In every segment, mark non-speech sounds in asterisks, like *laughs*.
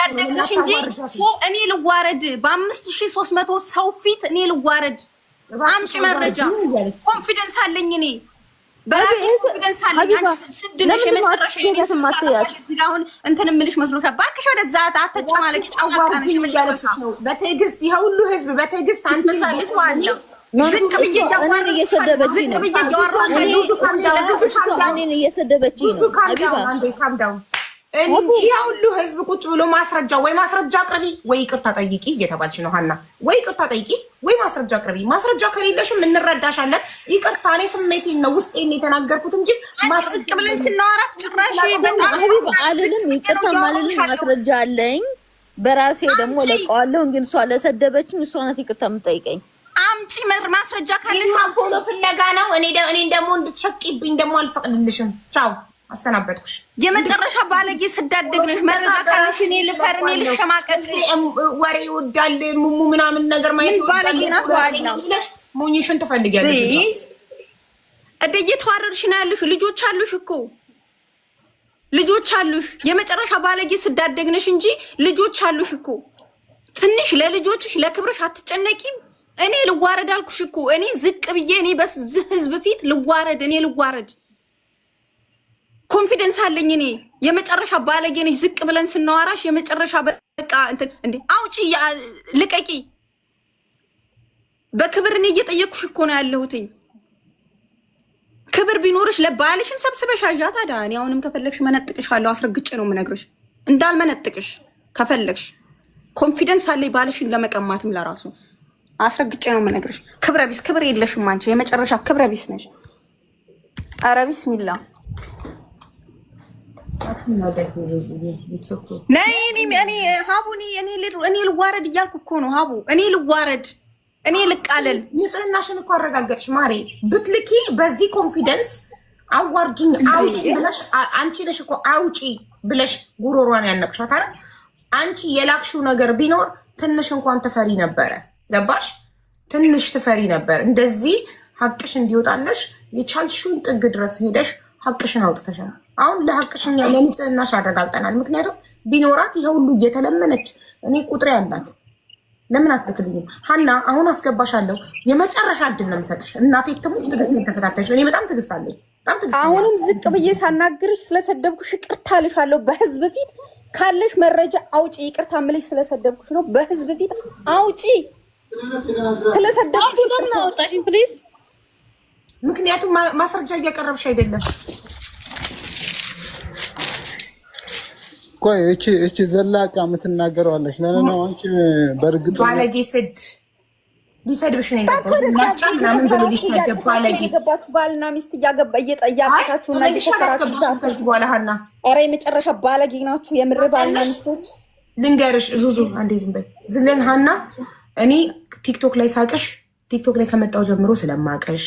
ያደግሽ እንጂ እኔ ልዋረድ በአምስት ሺህ ሦስት መቶ ሰው ፊት እኔ ልዋረድ። አምጪ መረጃ። ኮንፊደንስ አለኝ እኔ በራሴ ኮንፊደንስ አለኝ። ስድ ነሽ የመጨረሻ እዚህ ጋ አሁን እንትን የምልሽ መስሎሻል። እባክሽ ወደዛ አትጨማለቂ። በትዕግስት የሁሉ ህዝብ በትዕግስት አንቺ ማለት ነው ዝቅ ብዬ እያዋራሁ እየሰደበች ይህ ሁሉ ህዝብ ቁጭ ብሎ ማስረጃ ወይ ማስረጃ አቅርቢ ወይ ይቅርታ ጠይቂ እየተባልሽ ነው ሀና። ወይ ይቅርታ ጠይቂ ወይ ማስረጃ አቅርቢ። ማስረጃ ከሌለሽም እንረዳሻለን። ይቅርታ እኔ ስሜቴን ነው ውስጤን የተናገርኩት እንጂ ዝቅ ብለን ስናወራት ጭራሽ ይቅርታ ማልልም ማስረጃ አለኝ በራሴ ደግሞ ለቀዋለሁ። እንግዲህ እሷ ለሰደበችኝ እሷ ናት ይቅርታ የምጠይቀኝ። አምጪ ማስረጃ ካለሽ ፎሎ ፍለጋ ነው። እኔ ደግሞ እንድትሸቂብኝ ደግሞ አልፈቅድልሽም። ቻው አሰናበጥኩሽ። የመጨረሻ ባለጌ ስዳደግ ነሽ። መረጃ ካለሽ እኔ ልፈር፣ እኔ ልሸማቀቅ። ወሬ ይወዳል ሙሙ ምናምን ነገር ማየት ባለጌ ናት። ዋለሽ ሙኝሽን ትፈልጊያለሽ። እንደ እየተዋረድሽ ነው ያለሽ። ልጆች አሉሽ እኮ ልጆች አሉሽ። የመጨረሻ ባለጌ ስዳደግ ነሽ እንጂ ልጆች አሉሽ እኮ። ትንሽ ለልጆችሽ ለክብርሽ አትጨነቂም። እኔ ልዋረድ አልኩሽ እኮ። እኔ ዝቅ ብዬ እኔ በዚህ ህዝብ ፊት ልዋረድ፣ እኔ ልዋረድ ኮንፊደንስ አለኝ እኔ የመጨረሻ ባለጌ ነሽ። ዝቅ ብለን ስናወራሽ የመጨረሻ በቃ እንትን እንዴ አውጪ፣ ልቀቂ። በክብር እኔ እየጠየቅኩሽ እኮ ነው ያለሁትኝ። ክብር ቢኖርሽ ለባልሽን ሰብስበሽ አዣ። ታዲያ እኔ አሁንም ከፈለግሽ መነጥቅሽ መነጥቅሻለሁ። አስረግጬ ነው የምነግርሽ፣ እንዳልመነጥቅሽ ከፈለግሽ። ኮንፊደንስ አለኝ ባልሽን ለመቀማትም ለራሱ አስረግጬ ነው የምነግርሽ። ክብረ ቢስ ክብር የለሽም አንቺ። የመጨረሻ ክብረ ቢስ ነሽ። ኧረ ቢስሚላ እኔ ልዋረድ እያልኩ እኮ ነው ሀቡ። እኔ ልዋረድ፣ እኔ ልቃለል። ንጽህናሽን እኮ አረጋገጥሽ ማሬ። ብትልኪ በዚህ ኮንፊደንስ አዋርጅኝ አውጪ ብለሽ አንቺ ነሽ እኮ አውጪ ብለሽ ጉሮሯን ያነቅሻት አይደል? አንቺ የላክሽው ነገር ቢኖር ትንሽ እንኳን ትፈሪ ነበረ። ገባሽ? ትንሽ ትፈሪ ነበር። እንደዚህ ሀቅሽ እንዲወጣለሽ የቻልሽውን ጥግ ድረስ ሄደሽ ሀቅሽን አውጥተሻል። አሁን ለሀቅሽን ለንጽህናሽ አረጋግጠናል። ምክንያቱም ቢኖራት ይሄ ሁሉ እየተለመነች እኔ ቁጥሬ ያላት ለምን አትልክልኝም? ሀና አሁን አስገባሻለሁ። የመጨረሻ እድል ነው የምሰጥሽ። እናቴ ትሙ ትግስት ተፈታተሽ። እኔ በጣም ትግስት አለኝ። አሁንም ዝቅ ብዬ ሳናግርሽ ስለሰደብኩሽ ይቅርታ እልሻለሁ። በህዝብ ፊት ካለሽ መረጃ አውጪ። ይቅርታ የምልሽ ስለሰደብኩሽ ነው። በህዝብ ፊት አውጪ ስለሰደብኩሽ ምክንያቱም ማስረጃ እያቀረብሽ አይደለም። ቆይ እቺ እቺ ዘላቃ የምትናገረዋለች አለች ነው። አንቺ በእርግጥ ባለጌ ስድ ሊሰድብሽ ነው የገባችሁ ባልና ሚስት እያገባችሁ እና ከዚህ በኋላ ሀና፣ ኧረ የመጨረሻ ባለጌ ናችሁ። የምር ባልና ሚስቶች ልንገርሽ፣ ዙዙ አንዴ ዝም በይ ዝልን ሀና፣ እኔ ቲክቶክ ላይ ሳቀሽ ቲክቶክ ላይ ከመጣው ጀምሮ ስለማቀሽ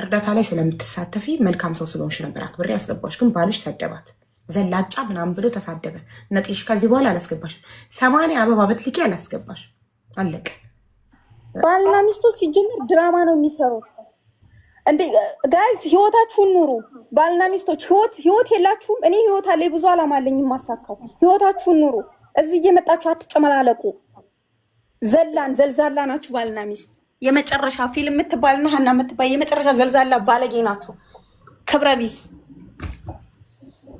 እርዳታ ላይ ስለምትሳተፊ መልካም ሰው ስለሆንሽ ነበር አክብሬ ያስገባሽ። ግን ባልሽ ሰደባት፣ ዘላጫ ምናምን ብሎ ተሳደበ፣ ነቅሽ። ከዚህ በኋላ አላስገባሽም። ሰማንያ አበባ በትልኪ አላስገባሽ። አለቀ። ባልና ሚስቶች ሲጀምር ድራማ ነው የሚሰሩት። እንዴ ጋይዝ ህይወታችሁን ኑሩ። ባልና ሚስቶች ህይወት ህይወት የላችሁም? እኔ ህይወት አለ ብዙ አላማ አለኝ የማሳካው። ህይወታችሁን ኑሩ። እዚህ እየመጣችሁ አትጨመላለቁ። ዘላን ዘልዛላ ናችሁ ባልና ሚስት የመጨረሻ ፊልም የምትባል ና ሀና የምትባል የመጨረሻ ዘልዛላ ባለጌ ናችሁ። ክብረ ቢስ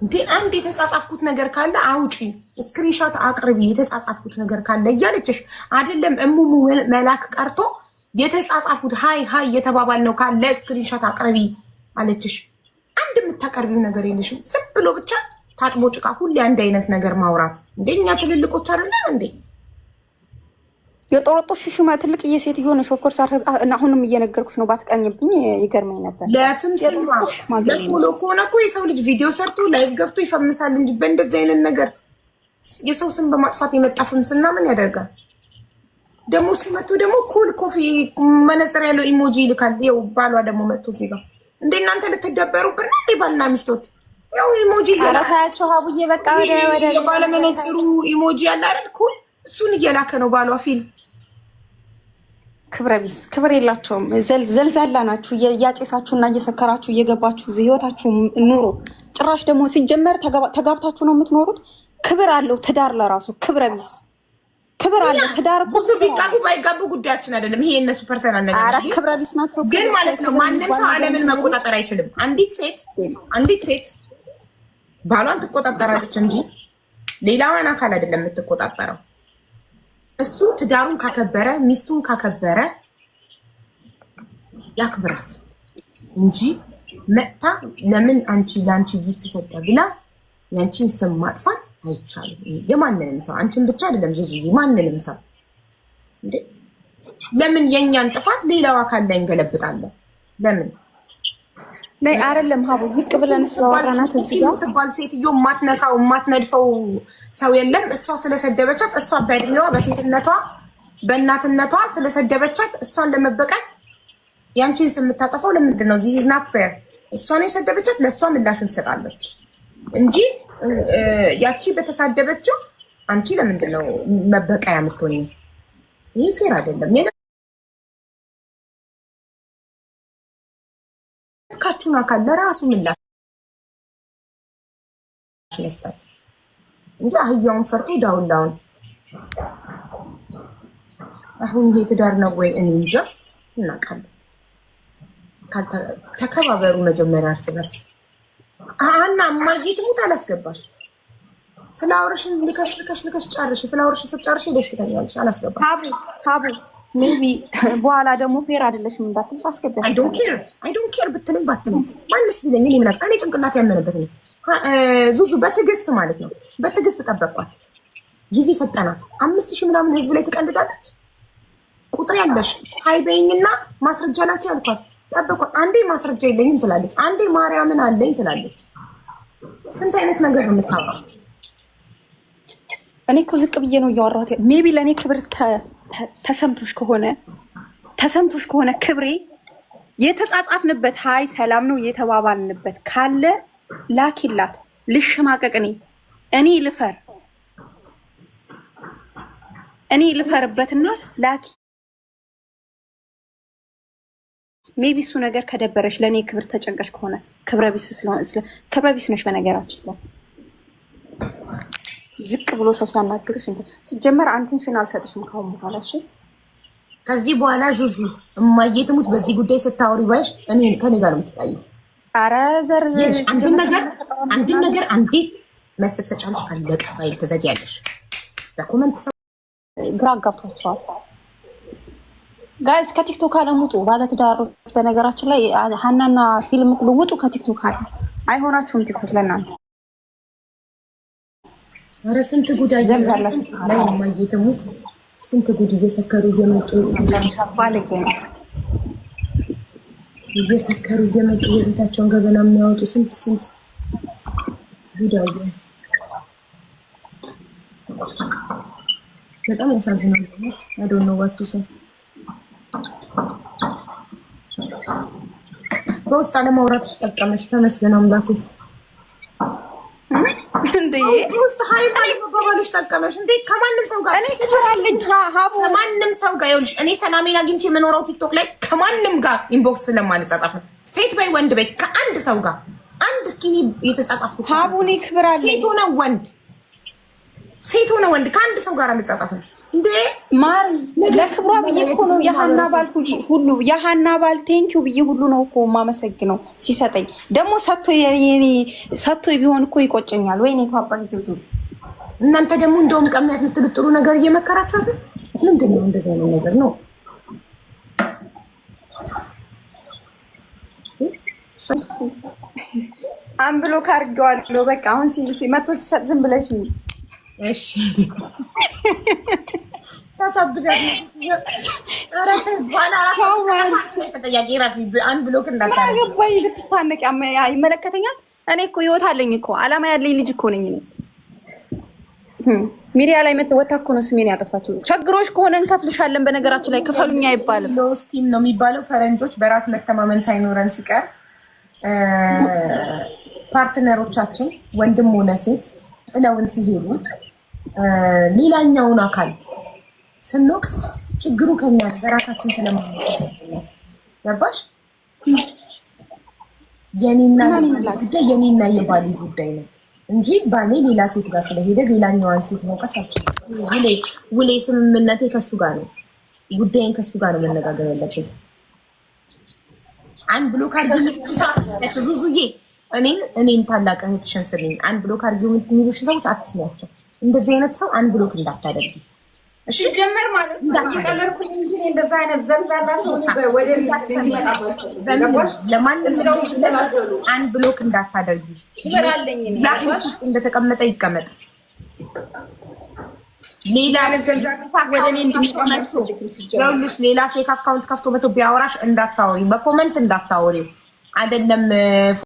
እንዴ! አንድ የተጻጻፍኩት ነገር ካለ አውጪ፣ ስክሪንሻት አቅርቢ፣ የተጻጻፍኩት ነገር ካለ እያለችሽ አይደለም። እሙሙ መላክ ቀርቶ የተጻጻፉት ሀይ ሀይ የተባባል ነው ካለ ስክሪንሻት አቅርቢ አለችሽ። አንድ የምታቀርቢው ነገር የለሽም። ዝም ብሎ ብቻ ታጥቦ ጭቃ፣ ሁሌ አንድ አይነት ነገር ማውራት። እንደኛ ትልልቆች አይደለን እንዴ? የጦሮጦሽ ሽሽማ ትልቅዬ ሴትዮ ነሽ። ኦፍኮርስ አሁንም እየነገርኩሽ ነው። ባትቀኝብኝ ይገርመኝ ነበር። ለፍም ለፎሎ ከሆነ እኮ የሰው ልጅ ቪዲዮ ሰርቶ ላይቭ ገብቶ ይፈምሳል እንጂ በእንደዚህ አይነት ነገር የሰው ስም በማጥፋት የመጣ ፍምስና ምን ያደርጋል? ደግሞ እሱ መቶ ደግሞ ኩል ኮፊ መነጽር ያለው ኢሞጂ ይልካል። ው ባሏ ደግሞ መቶ ዜጋ እንደ እናንተ ልትደበሩብን ነው እንዴ? ባልና ሚስቶች ያው ኢሞጂ ታያቸው። ሀቡዬ በቃ ባለመነጽሩ ኢሞጂ ያለ አይደል? ኩል እሱን እየላከ ነው ባሏ ፊልም ክብረ ቢስ ክብር የላቸውም። ዘልዛላ ናችሁ። እያጨሳችሁና እየሰከራችሁ እየገባችሁ ህይወታችሁ ኑሮ ጭራሽ ደግሞ ሲጀመር ተጋብታችሁ ነው የምትኖሩት። ክብር አለው ትዳር ለራሱ ክብረ ቢስ ክብር አለ ትዳር ብዙ ቢጋቡ ባይጋቡ ጉዳያችን አይደለም። ይሄ የእነሱ ፐርሰናል ነገር ክብረ ቢስ ናቸው ግን ማለት ነው። ማንም ሰው ዓለምን መቆጣጠር አይችልም። አንዲት ሴት አንዲት ሴት ባሏን ትቆጣጠራለች እንጂ ሌላዋን አካል አይደለም የምትቆጣጠረው። እሱ ትዳሩን ካከበረ ሚስቱን ካከበረ ያክብራት እንጂ መጥታ ለምን አንቺ ለአንቺ ጊፍት ሰጠ ብላ የአንቺን ስም ማጥፋት አይቻልም። የማንንም ሰው አንቺን ብቻ አይደለም ዙዙ፣ ማንንም ሰው ለምን የእኛን ጥፋት ሌላው አካል ላይ እንገለብጣለን? ለምን ላይ አይደለም ሀቡ ዝቅ ብለን ስለዋራናት ትባል ሴትዮ የማትነካው የማትነድፈው ሰው የለም። እሷ ስለሰደበቻት እሷ በእድሜዋ በሴትነቷ በእናትነቷ ስለሰደበቻት እሷን ለመበቀል ያንቺን ስም የምታጠፋው ለምንድን ነው? ዚስ ኢዝ ናት ፌር። እሷን የሰደበቻት ለእሷ ምላሹን ትሰጣለች እንጂ ያቺ በተሳደበችው አንቺ ለምንድን ነው መበቀያ የምትሆኝ? ይህ ፌር አይደለም። የፈለጋችሁን አካል ለራሱ ምላሽ መስጠት እንጂ አህያውን ፈርቶ ዳውላውን። አሁን ይሄ ትዳር ነው ወይ? እኔ እንጃ። እናውቃለን። ተከባበሩ መጀመሪያ እርስ በርስ። አና እማዬ ትሙት አላስገባሽ ፍላወርሽን ልከሽ ልከሽ ልከሽ ጨርሽ። ፍላወርሽን ስትጨርሽ ሄደሽ ትተኛለሽ። አላስገባሽ ታቡ ታቡ ሜቢ *laughs* በኋላ ደግሞ ፌር አይደለሽም እንዳትልሽ አስገቢያ አይ ዶንት ኬር አይ ዶንት ኬር ብትለኝ ባትለኝ ማንስ ቢለኝ እኔ ምናምን እኔ ጭንቅላት ያመነበት ነው። ዙዙ በትዕግስት ማለት ነው። በትዕግስት ጠበቋት፣ ጊዜ ሰጠናት። አምስት ሺህ ምናምን ህዝብ ላይ ትቀልዳለች። ቁጥር ያለሽ ሀይበኝና ማስረጃ ላኪ ያልኳት፣ ጠበቋት። አንዴ ማስረጃ የለኝም ትላለች፣ አንዴ ማርያምን አለኝ ትላለች። ስንት አይነት ነገር ነው የምታውቀው። እኔ እኮ ዝቅ ብዬ ነው እያወራሁት። ሜቢ ለእኔ ክብር ተሰምቶሽ ከሆነ ተሰምቶሽ ከሆነ ክብሬ የተጻጻፍንበት ሀይ ሰላም ነው የተባባልንበት ካለ ላኪላት። ልሸማቀቅ እኔ እኔ ልፈር እኔ ልፈርበትና ላኪ። ሜቢ እሱ ነገር ከደበረች ለእኔ ክብር ተጨንቀሽ ከሆነ ክብረ ቢስ ስለሆነ ክብረ ቢስ ነሽ በነገራችን ዝቅ ብሎ ሰው ሲያናግርሽ እንትን ሲጀመር አንቴንሽን አልሰጥሽም ካሁን በኋላ እሺ። ከዚህ በኋላ ዙዙ እማዬ ትሙት በዚህ ጉዳይ ስታወሪ ባይሽ እኔ ከኔ ጋር ነው የምትጣየው። ኧረ አንድን ነገር አንድን ነገር አንዴ መልስ ትሰጫለሽ። አለቀ። ፋይል ትዘጊያለሽ። በኮመንት ሰው ግራ አጋብቷቸዋል። ጋይስ ከቲክቶክ አለም ውጡ። ባለትዳሮች በነገራችን ላይ ሀናና ፊልም ውጡ ከቲክቶክ አለ። አይሆናችሁም ቲክቶክ ለእናንተ ኧረ ስንት ጉድ ማየትሙት ስንት ጉድ እየሰከሩ እየመጡ እየሰከሩ እየመጡ የቤታቸውን ገበና የሚያወጡ ስንት ስንት ጉዳይ በጣም ያሳዝናል። አዶነ ዋቱ ሰው በውስጥ ውስጥ ጠቀመች። ተመስገን አምላኬ። እንዴ ከማንም ሰው ጋር እኔ ሰላሜን አግኝቼ የምኖረው ቲክቶክ ላይ ከማንም ጋር ኢንቦክስ ነው። ሴት በይ ወንድ በይ ከአንድ ሰው ጋር አንድ እስኪኒ የተጻጻፍኩት ክብር ሴት ሆነ ወንድ ሴት ሆነ ወንድ ከአንድ ሰው ጋር አልጻጻፍ እንዴ ማር ለክብሯ ብዬ እኮ ነው የሀና ባል ሁሉ የሀና ባል ቴንኪው ብዬ ሁሉ ነው እኮ የማመሰግነው። ሲሰጠኝ ደግሞ ሰጥቶ ቢሆን እኮ ይቆጨኛል። ወይኔ የተባባሪ ዙዙ እናንተ ደግሞ እንደውም ቀሚያት የምትሉት ጥሩ ነገር እየመከራችኋት ምንድን ነው? እንደዚህ አይነት ነገር ነው አንብሎ ካርገዋለሁ። በቃ አሁን መቶ ሲሰጥ ዝም ብለሽ እሺ ይመለከተኛል። እኔ እኮ ህይወት አለኝ እኮ አላማ ያለኝ ልጅ እኮ ነኝ። ሚዲያ ላይ መተወታ እኮ ነው ስሜን ያጠፋችው። ችግሮች ከሆነ እንከፍልሻለን። በነገራችን ላይ ክፈሉኛ አይባልም። ሎስቲም ነው የሚባለው። ፈረንጆች በራስ መተማመን ሳይኖረን ሲቀር ፓርትነሮቻችን ወንድም ሆነ ሴት ጥለውን ሲሄዱ ሌላኛውን አካል ስንወቅስ ችግሩ ከኛ በራሳችን ስለማለት ገባሽ? የኔና ጉዳይ የኔና የባሌ ጉዳይ ነው እንጂ ባሌ ሌላ ሴት ጋር ስለሄደ ሌላኛዋን ሴት መውቀስ አልችልም። ውሌ ስምምነቴ ከሱ ጋር ነው። ጉዳይን ከሱ ጋር ነው መነጋገር ያለበት። አንድ ብሎ ካርጊዙዙዬ እኔን እኔን ታላቅ እህትሽን ስልኝ አንድ ብሎ ካርጊ የሚሉሽ ሰዎች አትስሚያቸው። እንደዚህ አይነት ሰው አንድ ብሎክ እንዳታደርጊ ሲጀመር ማለት ነው የቀለድኩኝ እንጂ እንደዛ አይነት ዘልዛላ ሰው ወደ ቤት እንዲመጣበትለማንዘሉ አንድ ብሎክ እንዳታደርጊ ይበራለኝ ላስ ውስጥ እንደተቀመጠ ይቀመጥ። ሌላ ወደ እኔ እንዲመጣልሽ ሌላ ፌክ አካውንት ከፍቶ መቶ ቢያወራሽ እንዳታወሪ፣ በኮመንት እንዳታወሪው አይደለም።